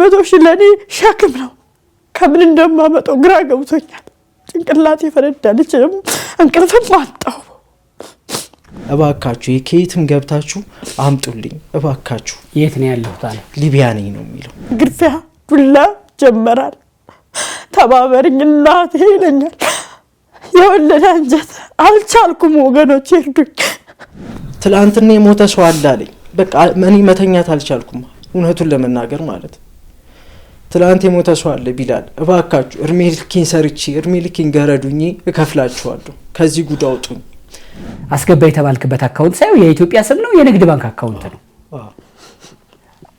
መቶ ሺህ ለእኔ ሸክም ነው። ከምን እንደማመጣው ግራ ገብቶኛል። ጭንቅላት የፈነዳልች እንቅልፍም አጣው። እባካችሁ ከየትም ገብታችሁ አምጡልኝ እባካችሁ። የት ነው ያለሁት? አለ ሊቢያ ነኝ ነው የሚለው። ግርፊያ፣ ዱላ ጀመራል። ተባበርኝ እናቴ ይለኛል። የወለደ አንጀት አልቻልኩም ወገኖች ይርዱኝ። ትላንትና የሞተ ሰው አለ አለኝ። በቃ እኔ መተኛት አልቻልኩም፣ እውነቱን ለመናገር ማለት ነው። ትላንት የሞተ ሰው አለ ቢላል፣ እባካችሁ እድሜ ልኬን ሰርቼ እድሜ ልኬን ገረዱኝ፣ እከፍላችኋለሁ፣ ከዚህ ጉድ አውጡኝ። አስገባ የተባልክበት አካውንት ሳይሆን የኢትዮጵያ ስም ነው፣ የንግድ ባንክ አካውንት ነው።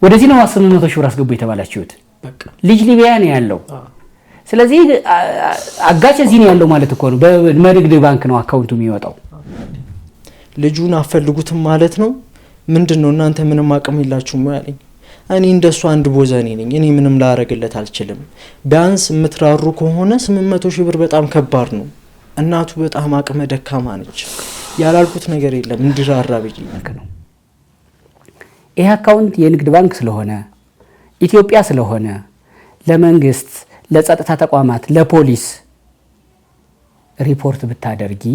ወደዚህ ነው አስር መቶ ሺህ ብር አስገቡ የተባላችሁት። ልጅ ሊቢያ ነው ያለው። ስለዚህ አጋጭ እዚህ ነው ያለው ማለት እኮ ነው። በንግድ ባንክ ነው አካውንቱ የሚወጣው። ልጁን አፈልጉትም ማለት ነው። ምንድን ነው እናንተ ምንም አቅም የላችሁም ያለኝ እኔ እንደሱ አንድ ቦዘኔ ነኝ። እኔ ምንም ላረግለት አልችልም። ቢያንስ የምትራሩ ከሆነ ስምንት መቶ ሺህ ብር በጣም ከባድ ነው። እናቱ በጣም አቅመ ደካማ ነች። ያላልኩት ነገር የለም እንዲራራ ብዬ ነው። ይህ አካውንት የንግድ ባንክ ስለሆነ ኢትዮጵያ ስለሆነ ለመንግስት፣ ለጸጥታ ተቋማት፣ ለፖሊስ ሪፖርት ብታደርጊ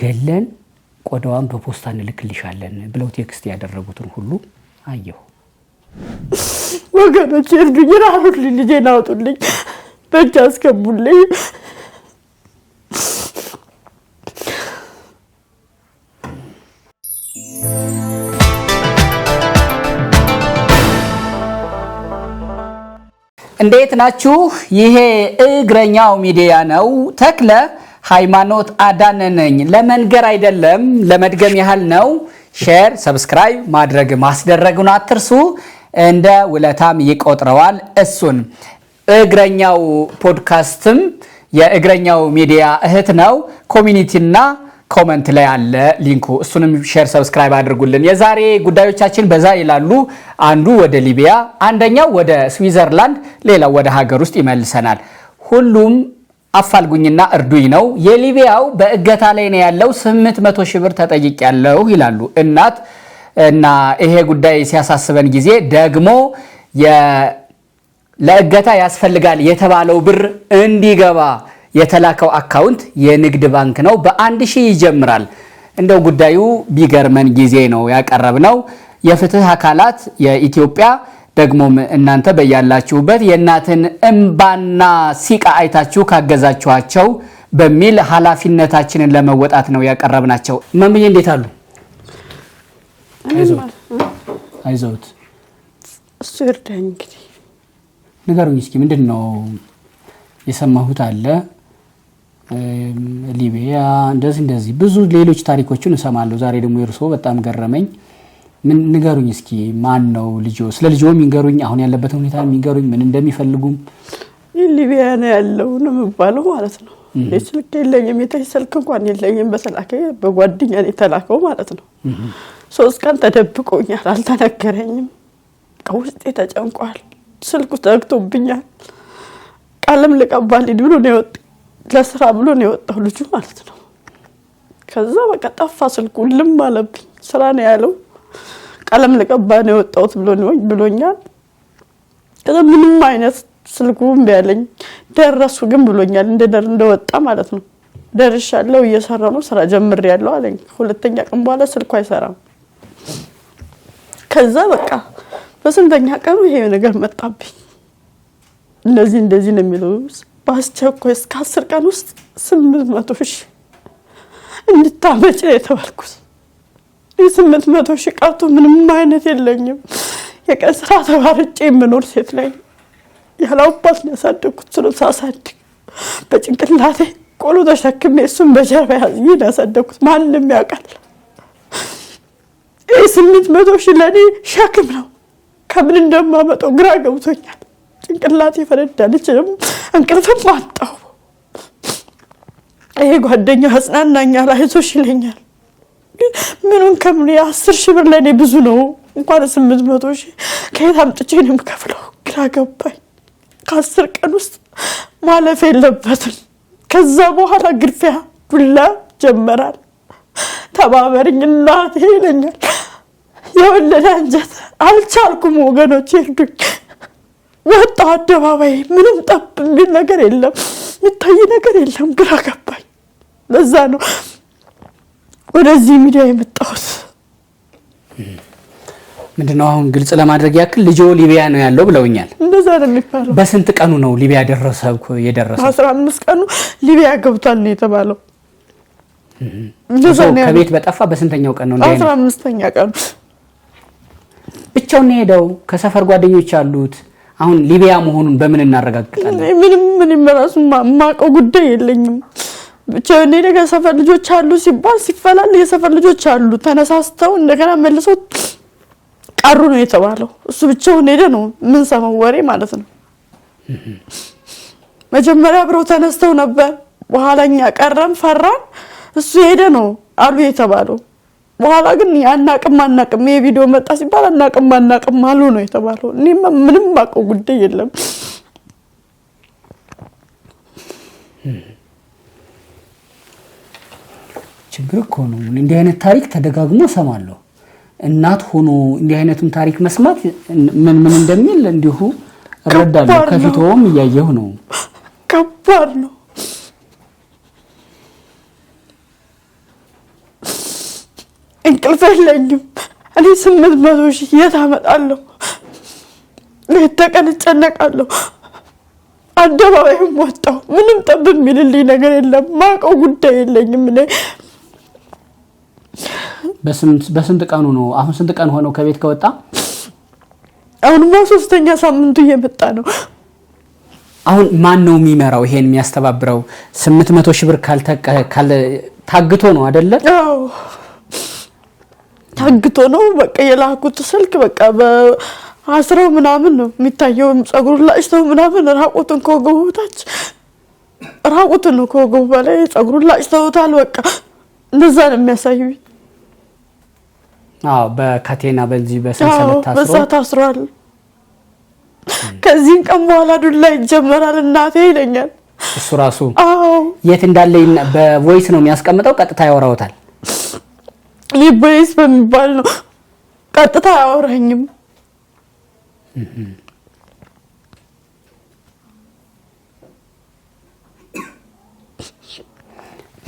ገለን ቆዳዋን በፖስታ እንልክልሻለን ብለው ቴክስት ያደረጉትን ሁሉ አየሁ። ወገኖች እርዱኝ፣ ራሩልኝ፣ ልጄን አውጡልኝ፣ በእጅ አስገቡልኝ። እንዴት ናችሁ? ይሄ እግረኛው ሚዲያ ነው። ተክለ ሃይማኖት አዳነ ነኝ። ለመንገር አይደለም ለመድገም ያህል ነው። ሼር፣ ሰብስክራይብ ማድረግ ማስደረጉን አትርሱ። እንደ ውለታም ይቆጥረዋል እሱን። እግረኛው ፖድካስትም የእግረኛው ሚዲያ እህት ነው። ኮሚኒቲና ኮመንት ላይ አለ ሊንኩ። እሱንም ሼር ሰብስክራይብ አድርጉልን። የዛሬ ጉዳዮቻችን በዛ ይላሉ። አንዱ ወደ ሊቢያ፣ አንደኛው ወደ ስዊዘርላንድ፣ ሌላው ወደ ሀገር ውስጥ ይመልሰናል። ሁሉም አፋልጉኝና እርዱኝ ነው። የሊቢያው በእገታ ላይ ነው ያለው፣ 800 ሺህ ብር ተጠይቅ ያለው ይላሉ እናት እና ይሄ ጉዳይ ሲያሳስበን ጊዜ ደግሞ ለእገታ ያስፈልጋል የተባለው ብር እንዲገባ የተላከው አካውንት የንግድ ባንክ ነው። በአንድ ሺህ ይጀምራል። እንደው ጉዳዩ ቢገርመን ጊዜ ነው ያቀረብነው። የፍትህ አካላት የኢትዮጵያ ደግሞም እናንተ በያላችሁበት የእናትን እምባና ሲቃ አይታችሁ ካገዛችኋቸው በሚል ኃላፊነታችንን ለመወጣት ነው ያቀረብናቸው። መምዬ እንዴት አሉ? አይዞት እሱ ይርዳኝ። እንግዲህ ንገሩኝ እስኪ ምንድን ነው የሰማሁት አለ ሊቢያ እንደዚህ እንደዚህ ብዙ ሌሎች ታሪኮችን እሰማለሁ። ዛሬ ደግሞ የእርስዎ በጣም ገረመኝ። ምን ንገሩኝ እስኪ ማን ነው ልጆ? ስለ ልጆ የሚንገሩኝ፣ አሁን ያለበትን ሁኔታ የሚንገሩኝ፣ ምን እንደሚፈልጉም። ሊቢያ ነው ያለው ነው የሚባለው ማለት ነው። ስልክ የለኝም፣ የተ ስልክ እንኳን የለኝም። በተላከ በጓደኛ የተላከው ማለት ነው። ሶስት ቀን ተደብቆኛል፣ አልተነገረኝም። ከውስጤ ተጨንቋል። ስልኩ ዘግቶብኛል። ቃለም ልቀባል ብሎ ነው ለስራ ብሎ ነው የወጣው ልጁ ማለት ነው። ከዛ በቃ ጠፋ ስልኩ፣ ልም አለብኝ። ስራ ነው ያለው ቀለም ልቀባ ነው የወጣሁት ብሎኛል። ከዛ ምንም አይነት ስልኩ እምቢ አለኝ። ደረሱ ግን ብሎኛል እንደወጣ ማለት ነው። ደርሻለሁ፣ እየሰራ ነው፣ ስራ ጀምሬያለሁ አለኝ። ሁለተኛ ቀን በኋላ ስልኩ አይሰራም። ከዛ በቃ በስንተኛ ቀኑ ይሄ ነገር መጣብኝ። እንደዚህ እንደዚህ ነው የሚለው በአስቸኳይ እስከ አስር ቀን ውስጥ ስምንት መቶ ሺህ እንድታመጭ የተባልኩት የስምንት መቶ ሺህ ቀርቶ ምንም አይነት የለኝም። የቀን ስራ ተባርጬ የምኖር ሴት ላይ ያለ አባት ነው ያሳደግኩት። ስለ ሳሳድግ በጭንቅላቴ ቆሎ ተሸክሜ እሱን በጀርባ ያዝኝ ያሳደግኩት። ማንም ያውቃል። ይህ ስምንት መቶ ሺህ ለእኔ ሸክም ነው። ከምን እንደማመጣው ግራ ገብቶኛል። ጭንቅላቴ ፈነዳ። ልችልም እንቅልፍም አጣሁ። ይሄ ጓደኛው ያጽናናኛል፣ አይዞሽ ይለኛል ምኑን ከምኑ የአስር ሺህ ብር ለእኔ ብዙ ነው። እንኳን ስምንት መቶ ሺህ ከየት አምጥቼ ነው የምከፍለው? ግራ ገባኝ። ከአስር ቀን ውስጥ ማለፍ የለበትም። ከዛ በኋላ ግርፊያ ዱላ ጀመራል። ተባበርኝ እናቴ ይለኛል። የወለደ አንጀት አልቻልኩም። ወገኖች ይርዱኝ። ወጣ አደባባይ። ምንም ጠብ የሚል ነገር የለም፣ የሚታይ ነገር የለም። ግራ ገባኝ። ለዛ ነው ወደዚህ ሚዲያ የመጣሁት ምንድነው? አሁን ግልጽ ለማድረግ ያክል ልጆ ሊቢያ ነው ያለው ብለውኛል። እንደዛ ነው የሚባለው። በስንት ቀኑ ነው ሊቢያ ደረሰ? የደረሰው አስራ አምስት ቀኑ ሊቢያ ገብቷል ነው የተባለው። ከቤት በጠፋ በስንተኛው ቀን ነው? አስራ አምስተኛ ቀኑ ብቻውን ሄደው ከሰፈር ጓደኞች አሉት። አሁን ሊቢያ መሆኑን በምን እናረጋግጣለን? ምንም ምንም ራሱ ማቀው ጉዳይ የለኝም። ብቻ ነገ ሰፈር ልጆች አሉ ሲባል ሲፈላል የሰፈር ልጆች አሉ ተነሳስተው እንደገና መልሰው ቀሩ ነው የተባለው። እሱ ብቻውን ሄደ ነው የምንሰማው ወሬ ማለት ነው። መጀመሪያ አብረው ተነስተው ነበር። በኋላ እኛ ቀረን፣ ፈራን። እሱ ሄደ ነው አሉ የተባለው። በኋላ ግን አናቅም አናቅም፣ ይሄ ቪዲዮ መጣ ሲባል አናቅም አናቅም አሉ ነው የተባለው። እኔ ምንም አውቀው ጉዳይ የለም። ችግር እኮ ነው። እንዲህ አይነት ታሪክ ተደጋግሞ ሰማለሁ። እናት ሆኖ እንዲህ አይነቱን ታሪክ መስማት ምን ምን እንደሚል እንዲሁ እረዳለሁ። ከፊቶም እያየሁ ነው። ከባድ ነው። እንቅልፍ የለኝም። እኔ ስምንት መቶ ሺህ የት አመጣለሁ? ሌት ተቀን እጨነቃለሁ። አደባባይም ወጣሁ፣ ምንም ጠብ የሚልልኝ ነገር የለም። ማውቀው ጉዳይ የለኝም እኔ በስንት ቀኑ ነው? አሁን ስንት ቀን ሆነው ከቤት ከወጣ? አሁንማ ሶስተኛ ሳምንቱ እየመጣ ነው። አሁን ማን ነው የሚመራው? ይሄን የሚያስተባብረው? ስምንት መቶ ሺህ ብር ታግቶ ነው አደለ? ታግቶ ነው በቃ የላኩት ስልክ በቃ አስረው ምናምን ነው የሚታየው። ጸጉሩ ላጭተው ምናምን ራቁትን ከወገቡ ታች ራቁትን ነው ከወገቡ በላይ ፀጉሩን ላጭተውታል። በቃ እንደዛ ነው የሚያሳዩኝ። አዎ በካቴና በዚህ በሰንሰለት ታስሯል። ከዚህም ቀን በኋላ ዱላ ይጀመራል እናቴ ይለኛል። እሱ ራሱ የት እንዳለ በቮይስ ነው የሚያስቀምጠው። ቀጥታ ያወራውታል። ይህ ቮይስ በሚባል ነው። ቀጥታ አያወራኝም።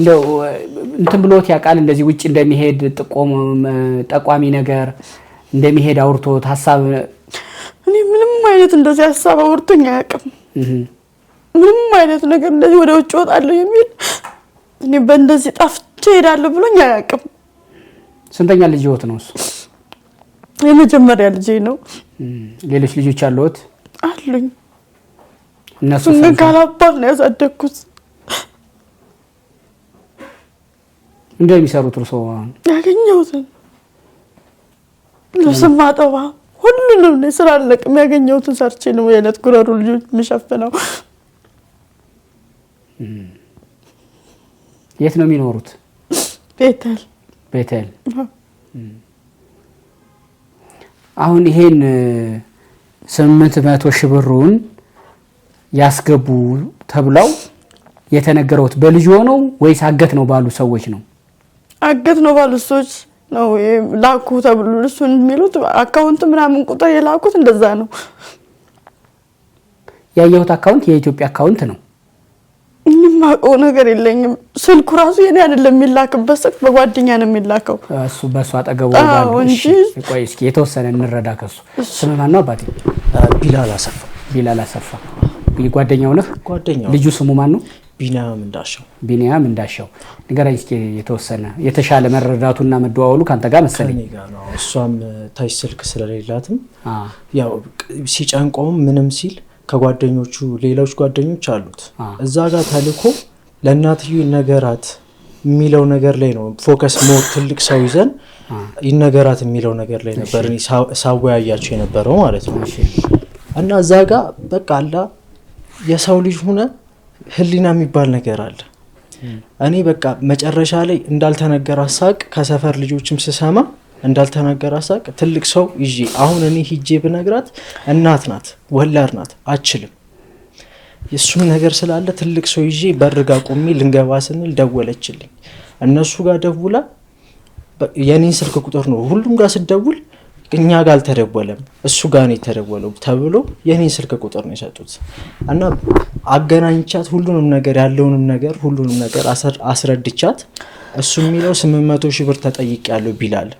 እንደው እንትን ብሎት ያውቃል? እንደዚህ ውጭ እንደሚሄድ ጥቆም ጠቋሚ ነገር እንደሚሄድ አውርቶት ሀሳብ እኔ ምንም አይነት እንደዚህ ሀሳብ አውርቶኝ አያውቅም። ምንም አይነት ነገር እንደዚህ ወደ ውጭ ወጣለሁ የሚል እኔ በእንደዚህ ጠፍቼ ሄዳለሁ ብሎኝ አያውቅም። ስንተኛ ልጅ ህይወት ነው እሱ? የመጀመሪያ ልጄ ነው። ሌሎች ልጆች አለዎት? አሉኝ። እነሱ ካላባት ነው ያሳደግኩት እንደሚሰሩት እርሶ ያገኘሁትን ልብስ ማጠባ ሁሉንም ነው ስራ አለቅም። ያገኘሁትን ሰርቼ ነው የዕለት ጉረሩ ልጆች የምሸፍነው። የት ነው የሚኖሩት? ቤተል ቤተል። አሁን ይሄን ስምንት መቶ ሺህ ብሩን ያስገቡ ተብለው የተነገረውት በልጅ ሆነው ወይስ አገት ነው ባሉ ሰዎች ነው? አገት ነው ባሉት ሰዎች ነው ላኩ ተብሎ እሱን የሚሉት አካውንት ምናምን ቁጥር የላኩት እንደዛ ነው። ያየሁት አካውንት የኢትዮጵያ አካውንት ነው። የማውቀው ነገር የለኝም። ስልኩ ራሱ የኔ አይደለም የሚላክበት ስልክ በጓደኛ ነው የሚላከው። እሱ በእሱ አጠገቡ እንጂ ቆይ እስኪ የተወሰነ እንረዳ። ከሱ ስም ማን ነው አባቴ? ቢላል አሰፋ። ቢላል አሰፋ ጓደኛው ነህ? ጓደኛው ልጁ ስሙ ማን ነው? ቢኒያም እንዳሻው ቢኒያም እንዳሻው ንገረኝ እስኪ የተወሰነ የተሻለ መረዳቱና መደዋወሉ ከአንተ ጋር መሰለኝ። እሷም ታች ስልክ ስለሌላትም ያው ሲጨንቀውም ምንም ሲል ከጓደኞቹ ሌሎች ጓደኞች አሉት እዛ ጋር ተልኮ ለእናትዩ ነገራት የሚለው ነገር ላይ ነው ፎከስ ሞር ትልቅ ሰው ይዘን ይነገራት የሚለው ነገር ላይ ነበር ሳወያያቸው የነበረው ማለት ነው። እና እዛ ጋር በቃ አላ የሰው ልጅ ሁነ ህሊና የሚባል ነገር አለ። እኔ በቃ መጨረሻ ላይ እንዳልተነገረ ሳቅ ከሰፈር ልጆችም ስሰማ እንዳልተነገረ ሳቅ ትልቅ ሰው ይዤ አሁን እኔ ሂጄ ብነግራት እናት ናት ወላድ ናት አችልም። የእሱም ነገር ስላለ ትልቅ ሰው ይዤ በርጋ ቁሜ ልንገባ ስንል ደወለችልኝ። እነሱ ጋር ደውላ የኔን ስልክ ቁጥር ነው ሁሉም ጋር ስደውል እኛ ጋር አልተደወለም እሱ ጋር ነው የተደወለው ተብሎ የኔን ስልክ ቁጥር ነው የሰጡት እና አገናኝቻት ሁሉንም ነገር ያለውንም ነገር ሁሉንም ነገር አስረድቻት እሱ የሚለው ስምንት መቶ ሺህ ብር ተጠይቅ ያለው ቢላል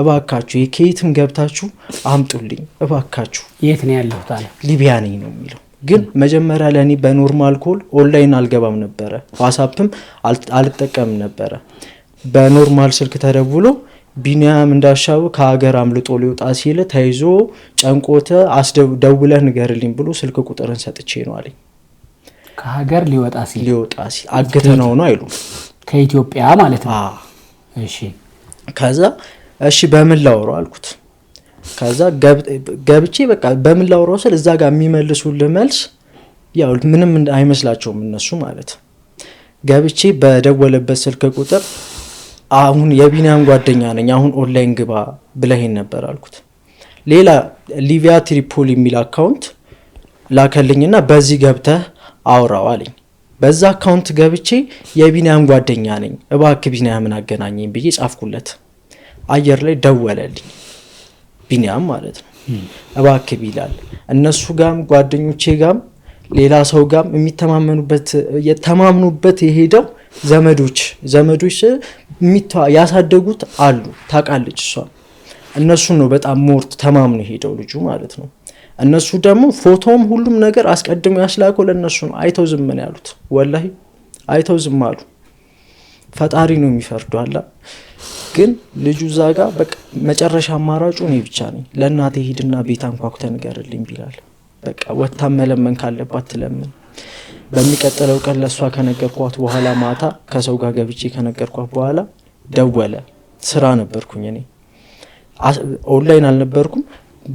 እባካችሁ ከየትም ገብታችሁ አምጡልኝ እባካችሁ የት ነው ያለሁት አለ ሊቢያ ነኝ ነው የሚለው ግን መጀመሪያ ለእኔ በኖርማል ኮል ኦንላይን አልገባም ነበረ ዋሳፕም አልጠቀምም ነበረ በኖርማል ስልክ ተደውሎ ቢንያም እንዳሻው ከሀገር አምልጦ ሊወጣ ሲል ተይዞ ጨንቆተ አስደውለህ ንገርልኝ ብሎ ስልክ ቁጥርን ሰጥቼ ነው አለኝ። ከሀገር ሊወጣ ሲል ሊወጣ ሲል አግተ ነው ነው አይሉ ከኢትዮጵያ ማለት ነው። እሺ ከዛ እሺ በምን ላውረው አልኩት። ከዛ ገብቼ በቃ በምን ላውረው ስል እዛ ጋር የሚመልሱልህ መልስ ያው ምንም አይመስላቸውም እነሱ ማለት ገብቼ በደወለበት ስልክ ቁጥር አሁን የቢኒያም ጓደኛ ነኝ፣ አሁን ኦንላይን ግባ ብለህን ነበር አልኩት። ሌላ ሊቪያ ትሪፖል የሚል አካውንት ላከልኝና በዚህ ገብተህ አውራው አለኝ። በዛ አካውንት ገብቼ የቢኒያም ጓደኛ ነኝ እባክ ቢኒያምን አገናኘኝ ብዬ ጻፍኩለት። አየር ላይ ደወለልኝ ቢኒያም ማለት ነው። እባክ ይላል እነሱ ጋም ጓደኞቼ ጋም ሌላ ሰው ጋም የሚተማመኑበት የተማምኑበት የሄደው ዘመዶች ዘመዶች ያሳደጉት አሉ ታውቃለች እሷ እነሱን ነው በጣም ሞርት ተማምኖ የሄደው ልጁ ማለት ነው። እነሱ ደግሞ ፎቶም ሁሉም ነገር አስቀድሞ ያስላከው ለእነሱ ነው። አይተው ዝም ነው ያሉት። ወላሂ አይተው ዝም አሉ። ፈጣሪ ነው የሚፈርደው። አላ ግን ልጁ እዛ ጋ መጨረሻ አማራጩ እኔ ብቻ ነኝ። ለእናቴ ሂድና ቤታ አንኳኩተህ ንገርልኝ ቢላል በቃ ወታ መለመን ካለባት ትለምን። በሚቀጥለው ቀን ለእሷ ከነገርኳት በኋላ ማታ ከሰው ጋር ገብቼ ከነገርኳት በኋላ ደወለ። ስራ ነበርኩኝ እኔ ኦንላይን አልነበርኩም።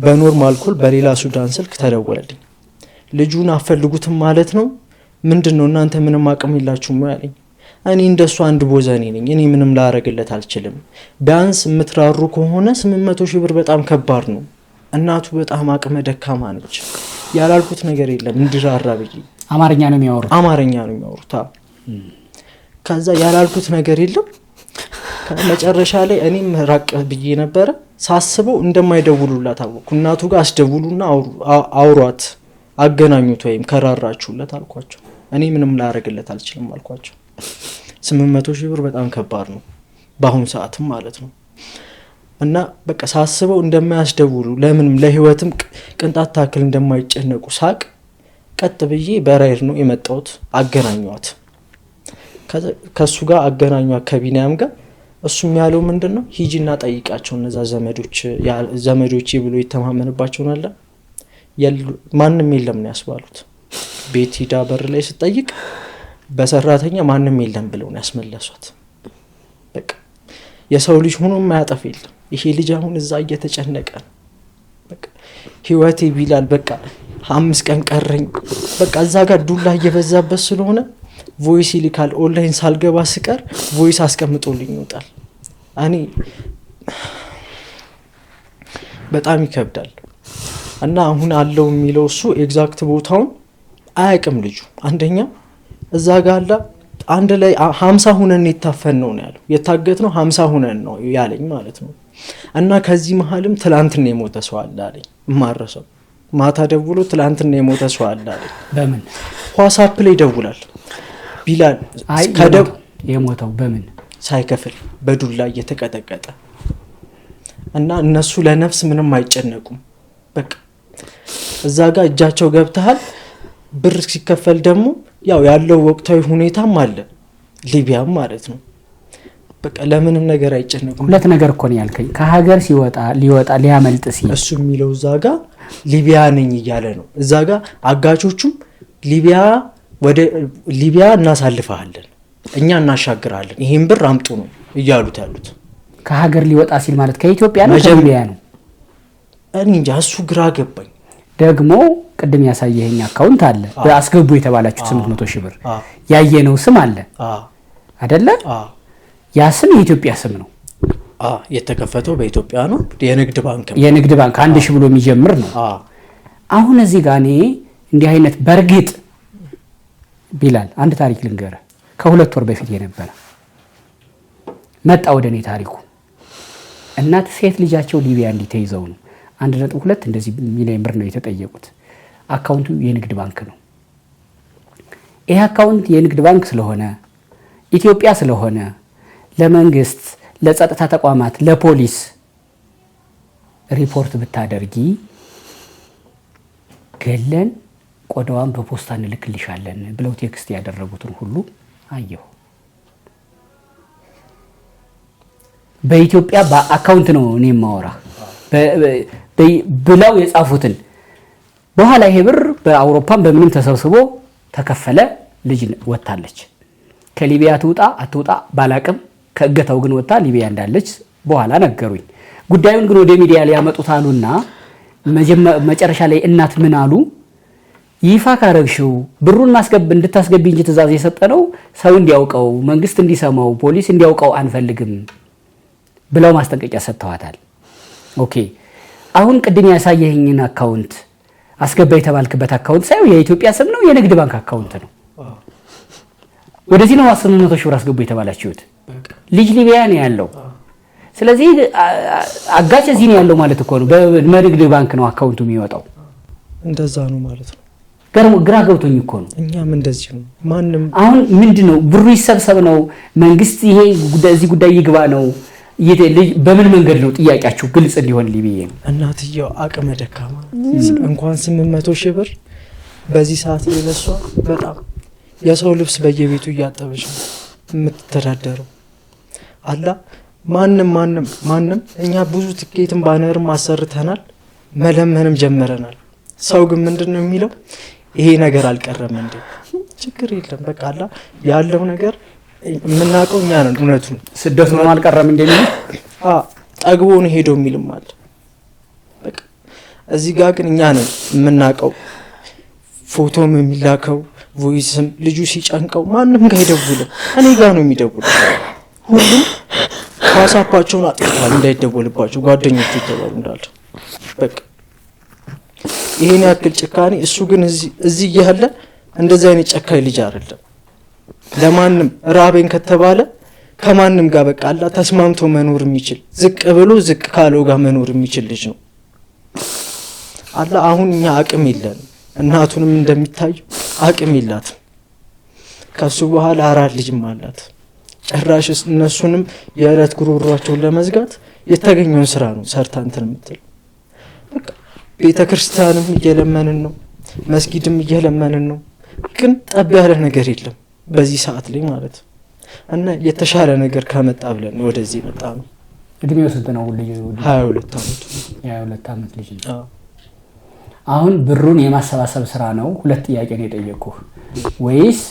በኖርማል ኮል በሌላ ሱዳን ስልክ ተደወለልኝ። ልጁን አፈልጉትም ማለት ነው ምንድን ነው እናንተ ምንም አቅም የላችሁም ያለኝ። እኔ እንደሱ አንድ ቦዘኔ ነኝ። እኔ ምንም ላረግለት አልችልም። ቢያንስ የምትራሩ ከሆነ ስምንት መቶ ሺህ ብር በጣም ከባድ ነው። እናቱ በጣም አቅመ ደካማ ነች። ያላልኩት ነገር የለም እንድራራ ብዬ አማርኛ ነው የሚያወሩት። አማርኛ ነው የሚያወሩት። ከዛ ያላልኩት ነገር የለም። መጨረሻ ላይ እኔም ራቅ ብዬ ነበረ ሳስበው እንደማይደውሉላት አወቅኩ። እናቱ ጋር አስደውሉና አውሯት አገናኙት ወይም ከራራችሁለት አልኳቸው። እኔ ምንም ላረግለት አልችልም አልኳቸው። ስምንት መቶ ሺህ ብር በጣም ከባድ ነው በአሁኑ ሰዓትም ማለት ነው። እና በቃ ሳስበው እንደማያስደውሉ ለምንም ለህይወትም ቅንጣት ታክል እንደማይጨነቁ ሳቅ ቀጥ ብዬ በራይድ ነው የመጣሁት። አገናኟት ከእሱ ጋር አገናኟት ከቢንያም ጋር። እሱም ያለው ምንድን ነው ሂጂና ጠይቃቸው እነዛ ዘመዶች ብሎ የተማመንባቸውን አለ ማንም የለም ነው ያስባሉት። ቤት ሂዳ በር ላይ ስጠይቅ በሰራተኛ ማንም የለም ብለው ነው ያስመለሷት። የሰው ልጅ ሆኖ ማያጠፍ የለም። ይሄ ልጅ አሁን እዛ እየተጨነቀ ነው። ህይወቴ ቢላል በቃ አምስት ቀን ቀረኝ። በቃ እዛ ጋር ዱላ እየበዛበት ስለሆነ ቮይስ ይልካል። ኦንላይን ሳልገባ ስቀር ቮይስ አስቀምጦልኝ ይወጣል። እኔ በጣም ይከብዳል እና አሁን አለው የሚለው እሱ ኤግዛክት ቦታውን አያውቅም ልጁ። አንደኛ እዛ ጋር አላ አንድ ላይ ሀምሳ ሁነን የታፈን ነው ያለው የታገት ነው ሀምሳ ሁነን ነው ያለኝ ማለት ነው። እና ከዚህ መሀልም ትላንትና የሞተ ሰው አለ አለኝ የማረሰው ማታ ደውሎ ትላንትና የሞተ ሰው አለ አለኝ። በምን ዋትስአፕ ላይ ይደውላል ቢላል የሞተው በምን ሳይከፍል በዱላ እየተቀጠቀጠ እና እነሱ ለነፍስ ምንም አይጨነቁም። በቃ እዛ ጋር እጃቸው ገብተሃል። ብር ሲከፈል ደግሞ ያው ያለው ወቅታዊ ሁኔታም አለ ሊቢያም ማለት ነው። በቃ ለምንም ነገር አይጨነቁም። ሁለት ነገር እኮ ነው ያልከኝ። ከሀገር ሲወጣ ሊወጣ ሊያመልጥ ሲል እሱ የሚለው እዛ ጋር ሊቢያ ነኝ እያለ ነው። እዛ ጋር አጋቾቹም ሊቢያ ወደ ሊቢያ እናሳልፈሃለን፣ እኛ እናሻግራለን፣ ይህን ብር አምጡ ነው እያሉት ያሉት። ከሀገር ሊወጣ ሲል ማለት ከኢትዮጵያ ነው ከሊቢያ ነው። እኔ እንጃ እሱ ግራ ገባኝ። ደግሞ ቅድም ያሳየኸኝ አካውንት አለ በአስገቡ የተባላችሁ ስምንት መቶ ሺህ ብር ያየነው ስም አለ አደለ? ያ ስም የኢትዮጵያ ስም ነው የተከፈተው በኢትዮጵያ ነው። የንግድ ባንክ የንግድ ባንክ አንድ ሺህ ብሎ የሚጀምር ነው። አሁን እዚህ ጋር እኔ እንዲህ አይነት በእርግጥ ቢላል አንድ ታሪክ ልንገረ ከሁለት ወር በፊት የነበረ መጣ ወደ እኔ ታሪኩ። እናት ሴት ልጃቸው ሊቢያ እንዲህ ተይዘው ነው አንድ ነጥብ ሁለት እንደዚህ ሚሊዮን ብር ነው የተጠየቁት። አካውንቱ የንግድ ባንክ ነው። ይህ አካውንት የንግድ ባንክ ስለሆነ ኢትዮጵያ ስለሆነ ለመንግስት ለጸጥታ ተቋማት ለፖሊስ ሪፖርት ብታደርጊ ገለን ቆዳዋን በፖስታ እንልክልሻለን ብለው ቴክስት ያደረጉትን ሁሉ አየሁ። በኢትዮጵያ በአካውንት ነው እኔ የማወራ ብለው የጻፉትን በኋላ ይሄ ብር በአውሮፓም በምንም ተሰብስቦ ተከፈለ። ልጅ ወታለች። ከሊቢያ ትውጣ አትውጣ ባላቅም ከእገታው ግን ወጥታ ሊቢያ እንዳለች በኋላ ነገሩኝ። ጉዳዩን ግን ወደ ሚዲያ ሊያመጡት አሉና መጨረሻ ላይ እናት ምን አሉ፣ ይፋ ካረግሽው ብሩን እንድታስገቢ እንጂ ትእዛዝ ነው ሰው እንዲያውቀው፣ መንግስት እንዲሰማው፣ ፖሊስ እንዲያውቀው አንፈልግም ብለው ማስጠንቀቂያ ሰጥተዋታል። ኦኬ አሁን ቅድም ያሳየኸኝን አካውንት አስገባ የተባልክበት አካውንት ሳይሆን የኢትዮጵያ ስም ነው፣ የንግድ ባንክ አካውንት ነው። ወደዚህ ነው አስር መቶ ሺህ ብር አስገቡ የተባላችሁት። ልጅ ሊቢያ ነው ያለው። ስለዚህ አጋጭ እዚህ ነው ያለው ማለት እኮ ነው። በንግድ ባንክ ነው አካውንቱ የሚወጣው። እንደዛ ነው ማለት ነው። ግራ ገብቶኝ እኮ ነው። እኛም እንደዚህ ነው። ማንም አሁን ምንድን ነው ብሩ ይሰብሰብ ነው መንግስት፣ ይሄ እዚህ ጉዳይ ይግባ ነው። በምን መንገድ ነው ጥያቄያችሁ ግልጽ እንዲሆን ሊቢዬ ነው። እናትየው አቅመ ደካማ እንኳን ስምንት መቶ ሺህ ብር በዚህ ሰዓት የለሷ በጣም የሰው ልብስ በየቤቱ እያጠበች ነው የምትተዳደረው። አላ ማንም ማንም ማንም እኛ ብዙ ትኬትን ባነርም አሰርተናል፣ መለመንም ጀመረናል። ሰው ግን ምንድን ነው የሚለው? ይሄ ነገር አልቀረም እንዴ? ችግር የለም በቃ አላ ያለው ነገር የምናውቀው እኛ ነን። እውነቱን ስደቱንም አልቀረም እንደ ሚል ጠግቦ ነው ሄደው የሚልም አለ። እዚህ ጋር ግን እኛ ነን የምናውቀው ፎቶም የሚላከው ቮይስም ልጁ ሲጨንቀው ማንም ጋር አይደውልም፣ እኔ ጋር ነው የሚደውለው። ሁሉም ዋሳፓቸውን አጥፍቷል እንዳይደወልባቸው ጓደኞቹ ይተባሉ እንዳለ በቃ ይሄን ያክል ጭካኔ። እሱ ግን እዚህ እያለ እንደዚህ አይነት ጨካኝ ልጅ አይደለም። ለማንም ራቤን ከተባለ ከማንም ጋር በቃ አላ ተስማምቶ መኖር የሚችል ዝቅ ብሎ ዝቅ ካለው ጋር መኖር የሚችል ልጅ ነው። አላ አሁን እኛ አቅም የለንም። እናቱንም እንደሚታየው አቅም ይላት። ከሱ በኋላ አራት ልጅም አላት። ጭራሽ እነሱንም የዕለት ጉሮሯቸውን ለመዝጋት የተገኘውን ስራ ነው ሰርታ እንትን የምትል። ቤተ ክርስቲያንም እየለመንን ነው፣ መስጊድም እየለመንን ነው። ግን ጠብ ያለ ነገር የለም በዚህ ሰዓት ላይ ማለት እና የተሻለ ነገር ከመጣ ብለን ወደዚህ መጣ ነው። እድሜው ስንት ነው? ሁሉ ሀያ ሁለት ዓመት ሀያ ሁለት ዓመት ልጅ ነው። አሁን ብሩን የማሰባሰብ ስራ ነው? ሁለት ጥያቄ ነው የጠየኩህ። ወይስ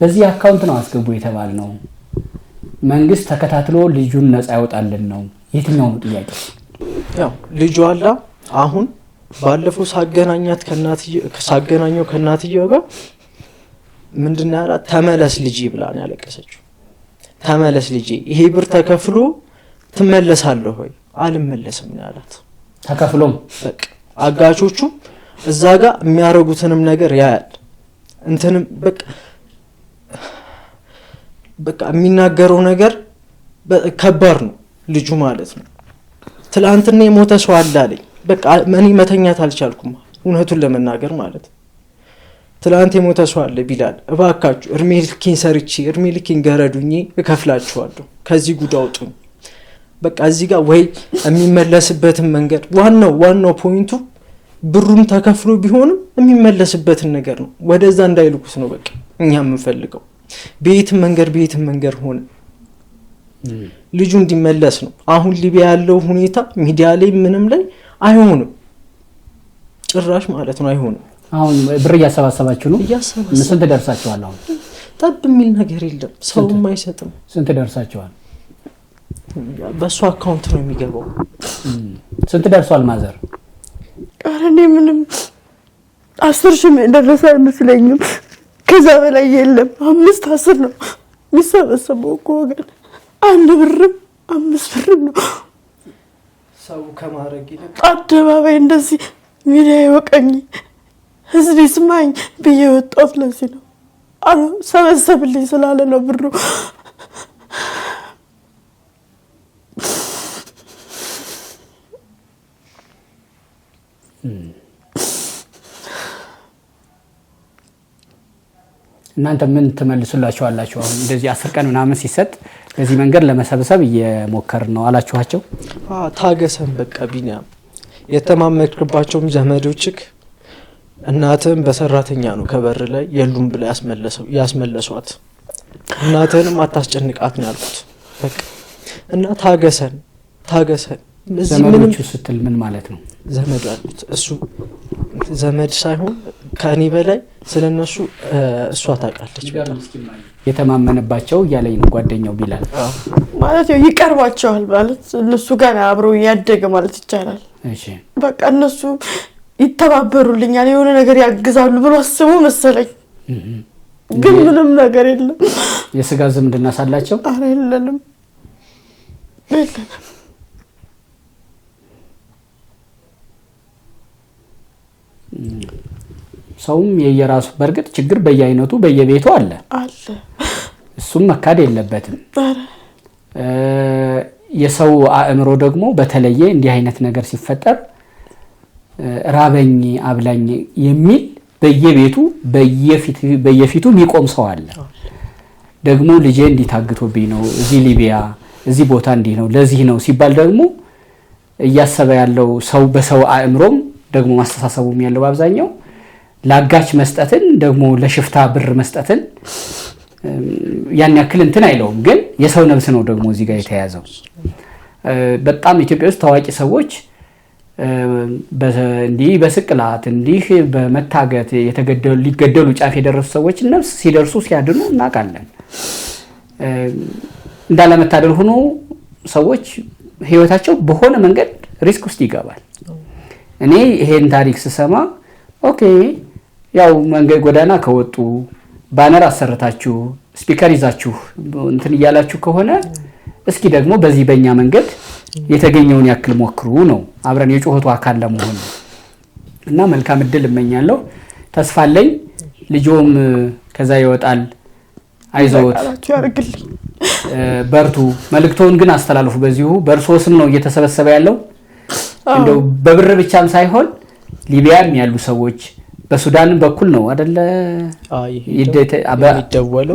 በዚህ አካውንት ነው አስገቡ የተባል ነው? መንግስት ተከታትሎ ልጁን ነፃ ያወጣልን ነው? የትኛው ነው ጥያቄ? ያው ልጁ አላ አሁን ባለፈው ሳገናኛት ሳገናኘው ከእናትየው ጋር ምንድን ያላ ያላት? ተመለስ ልጅ ብላ ነው ያለቀሰችው። ተመለስ ልጅ ይሄ ብር ተከፍሎ ትመለሳለሁ ወይ? አልመለስም ያላት። ተከፍሎም በቃ አጋቾቹ እዛ ጋር የሚያረጉትንም ነገር ያያል። እንትንም በቃ በቃ የሚናገረው ነገር ከባድ ነው ልጁ ማለት ነው። ትላንትና የሞተ ሰው አለ አለኝ። በቃ እኔ መተኛት አልቻልኩም፣ እውነቱን ለመናገር ማለት ነው። ትላንት የሞተ ሰው አለ ቢላል፣ እባካችሁ እድሜ ልኬን ሰርቼ እድሜ ልኬን ገረዱኝ፣ እከፍላችኋለሁ፣ ከዚህ ጉድ አውጡኝ በቃ እዚህ ጋር ወይ የሚመለስበትን መንገድ ዋናው ዋናው ፖይንቱ ብሩም ተከፍሎ ቢሆንም የሚመለስበትን ነገር ነው። ወደዛ እንዳይልኩት ነው በቃ እኛ የምንፈልገው። በየትም መንገድ በየትም መንገድ ሆነ ልጁ እንዲመለስ ነው። አሁን ሊቢያ ያለው ሁኔታ ሚዲያ ላይ ምንም ላይ አይሆንም፣ ጭራሽ ማለት ነው አይሆንም። አሁን ብር እያሰባሰባችሁ ነው። ስንት ደርሳችኋል? አሁን ጠብ የሚል ነገር የለም። ሰውም አይሰጥም። ስንት ደርሳችኋል? በእሱ አካውንት ነው የሚገባው። ስንት ደርሷል ማዘር? ኧረ እኔ ምንም አስር ሺህ የደረሰ አይመስለኝም። ከዛ በላይ የለም። አምስት አስር ነው የሚሰበሰበው እኮ ወገን። አንድ ብርም አምስት ብርም ነው ሰው ከማድረግ ይልቅ አደባባይ እንደዚህ ሚዲያ ይወቀኝ፣ ህዝብ ይስማኝ ብዬ ወጣሁት። ለዚህ ነው ሰበሰብልኝ ስላለ ነው ብሩ እናንተ ምን ትመልሱላችኋላችሁ? አሁን እንደዚህ አስር ቀን ምናምን ሲሰጥ በዚህ መንገድ ለመሰብሰብ እየሞከር ነው አላችኋቸው? ታገሰን በቃ ቢኒያም፣ የተማመክባቸውም ዘመዶችክ እናትህን በሰራተኛ ነው ከበር ላይ የሉም ብላ ያስመለሷት። እናትህንም አታስጨንቃት ነው ያልኩት በቃ እና ታገሰን ታገሰን ዘመዶቹ ስትል ምን ማለት ነው? ዘመድ አሉት እሱ ዘመድ ሳይሆን ከእኔ በላይ ስለ እነሱ እሷ ታውቃለች። የተማመነባቸው እያለኝ ነው ጓደኛው ቢላል ማለት ነው። ይቀርባቸዋል ማለት እነሱ ጋር አብሮ ያደገ ማለት ይቻላል። በቃ እነሱ ይተባበሩልኛል፣ የሆነ ነገር ያግዛሉ ብሎ አስቡ መሰለኝ፣ ግን ምንም ነገር የለም። የስጋ ዝምድና ሳላቸው አረ የለንም ሰውም የየራሱ በእርግጥ ችግር በየአይነቱ በየቤቱ አለ አለ። እሱም መካድ የለበትም። የሰው አእምሮ ደግሞ በተለየ እንዲህ አይነት ነገር ሲፈጠር ራበኝ አብላኝ የሚል በየቤቱ በየፊቱ የሚቆም ሰው አለ። ደግሞ ልጄ እንዲታግቶብኝ ነው እዚህ ሊቢያ እዚህ ቦታ እንዲህ ነው ለዚህ ነው ሲባል ደግሞ እያሰበ ያለው ሰው በሰው አእምሮም ደግሞ ማስተሳሰቡም ያለው በአብዛኛው ለአጋች መስጠትን ደግሞ ለሽፍታ ብር መስጠትን ያን ያክል እንትን አይለውም። ግን የሰው ነብስ ነው ደግሞ እዚህ ጋር የተያዘው። በጣም ኢትዮጵያ ውስጥ ታዋቂ ሰዎች እንዲህ በስቅላት እንዲህ በመታገት ሊገደሉ ጫፍ የደረሱ ሰዎችን ነብስ ሲደርሱ ሲያድኑ እናውቃለን። እንዳለመታደል ሆኖ ሰዎች ህይወታቸው በሆነ መንገድ ሪስክ ውስጥ ይገባል። እኔ ይሄን ታሪክ ስሰማ ኦኬ፣ ያው መንገድ ጎዳና ከወጡ ባነር አሰርታችሁ ስፒከር ይዛችሁ እንትን እያላችሁ ከሆነ እስኪ ደግሞ በዚህ በእኛ መንገድ የተገኘውን ያክል ሞክሩ ነው። አብረን የጩኸቱ አካል ለመሆን እና መልካም እድል እመኛለሁ። ተስፋ ልጆም ከዛ ይወጣል። አይዞት በርቱ። መልእክቶን ግን አስተላልፉ። በዚሁ በእርሶ ስም ነው እየተሰበሰበ ያለው። እንደው በብር ብቻም ሳይሆን ሊቢያም ያሉ ሰዎች በሱዳን በኩል ነው አደለ የሚደወለው?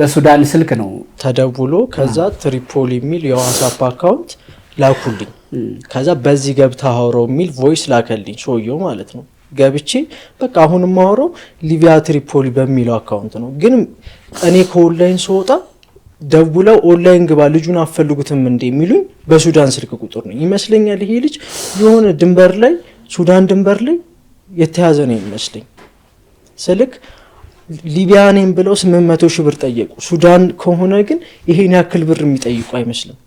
በሱዳን ስልክ ነው ተደውሎ፣ ከዛ ትሪፖሊ የሚል የዋትስአፕ አካውንት ላኩልኝ። ከዛ በዚህ ገብታ አውረው የሚል ቮይስ ላከልኝ ሰውየው ማለት ነው። ገብቼ በቃ አሁን የማወራው ሊቪያ ትሪፖሊ በሚለው አካውንት ነው። ግን እኔ ከኦንላይን ስወጣ ደውለው ኦንላይን ግባ ልጁን አፈልጉትም እንደ የሚሉኝ በሱዳን ስልክ ቁጥር ነው ይመስለኛል። ይሄ ልጅ የሆነ ድንበር ላይ ሱዳን ድንበር ላይ የተያዘ ነው ይመስለኝ ስልክ ሊቢያ ነኝ ብለው ስምንት መቶ ሺህ ብር ጠየቁ። ሱዳን ከሆነ ግን ይሄን ያክል ብር የሚጠይቁ አይመስልም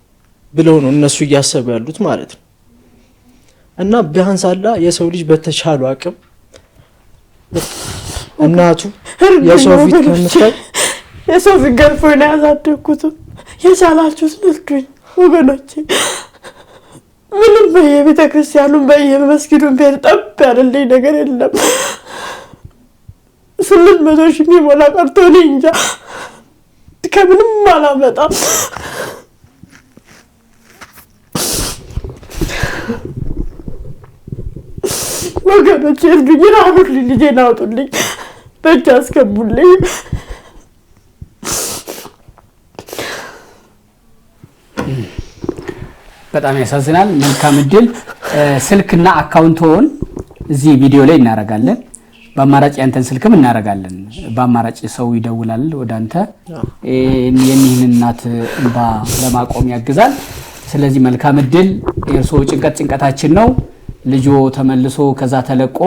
ብለው ነው እነሱ እያሰቡ ያሉት ማለት ነው። እና ቢያንስ አላ የሰው ልጅ በተቻለው አቅም እናቱ የሰው ፊት ከምታይ የሰው ፊት ገርፎ ነው ያሳደግኩት። የቻላችሁ ስልዱኝ ወገኖቼ። ምንም በየቤተ ክርስቲያኑም በየመስጊዱም ቤት ጠብ ያለልኝ ነገር የለም። ስምንት መቶ ሺህ የሚሞላ ቀርቶ እኔ እንጃ ከምንም አላመጣም። ወገኖች እርዱኝ፣ ራሩልኝ፣ ልጄን አውጡልኝ፣ በእጅ አስገቡልኝ። በጣም ያሳዝናል። መልካም እድል። ስልክና አካውንቶውን እዚህ ቪዲዮ ላይ እናረጋለን። በአማራጭ ያንተን ስልክም እናረጋለን። በአማራጭ ሰው ይደውላል ወደ አንተ፣ የኒህን እናት እንባ ለማቆም ያግዛል። ስለዚህ መልካም እድል። የእርስዎ ጭንቀት ጭንቀታችን ነው። ልጆ ተመልሶ ከዛ ተለቆ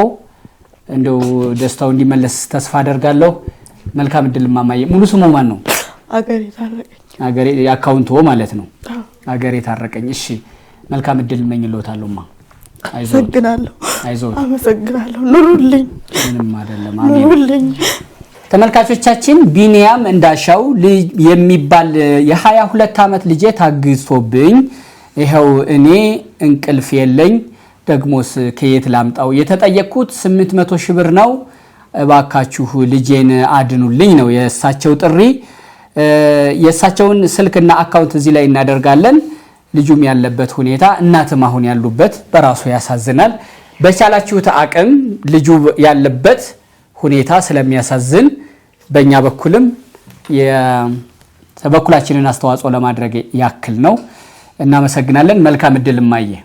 እንደው ደስታው እንዲመለስ ተስፋ አደርጋለሁ። መልካም እድል ማማየ። ሙሉ ስሙ ማን ነው? አገሬ ታረቀኝ። አገሬ አካውንቶ ማለት ነው። አገሬ ታረቀኝ። እሺ፣ መልካም እድል እመኝልዎታለሁ። ማ አመሰግናለሁ። አይዞህ። አመሰግናለሁ። ኑሩልኝ። ምንም አይደለም። አሜን። ኑሩልኝ። ተመልካቾቻችን ቢኒያም እንዳሻው የሚባል የሀያ ሁለት ዓመት ልጄ ታግሶብኝ ይኸው እኔ እንቅልፍ የለኝ ደግሞስ ከየት ላምጣው? የተጠየቅኩት 800 ሺህ ብር ነው። እባካችሁ ልጄን አድኑልኝ ነው የእሳቸው ጥሪ። የእሳቸውን ስልክና አካውንት እዚህ ላይ እናደርጋለን። ልጁም ያለበት ሁኔታ እናትም አሁን ያሉበት በራሱ ያሳዝናል። በቻላችሁት አቅም ልጁ ያለበት ሁኔታ ስለሚያሳዝን በእኛ በኩልም በኩላችንን አስተዋጽኦ ለማድረግ ያክል ነው። እናመሰግናለን። መልካም እድል እማየ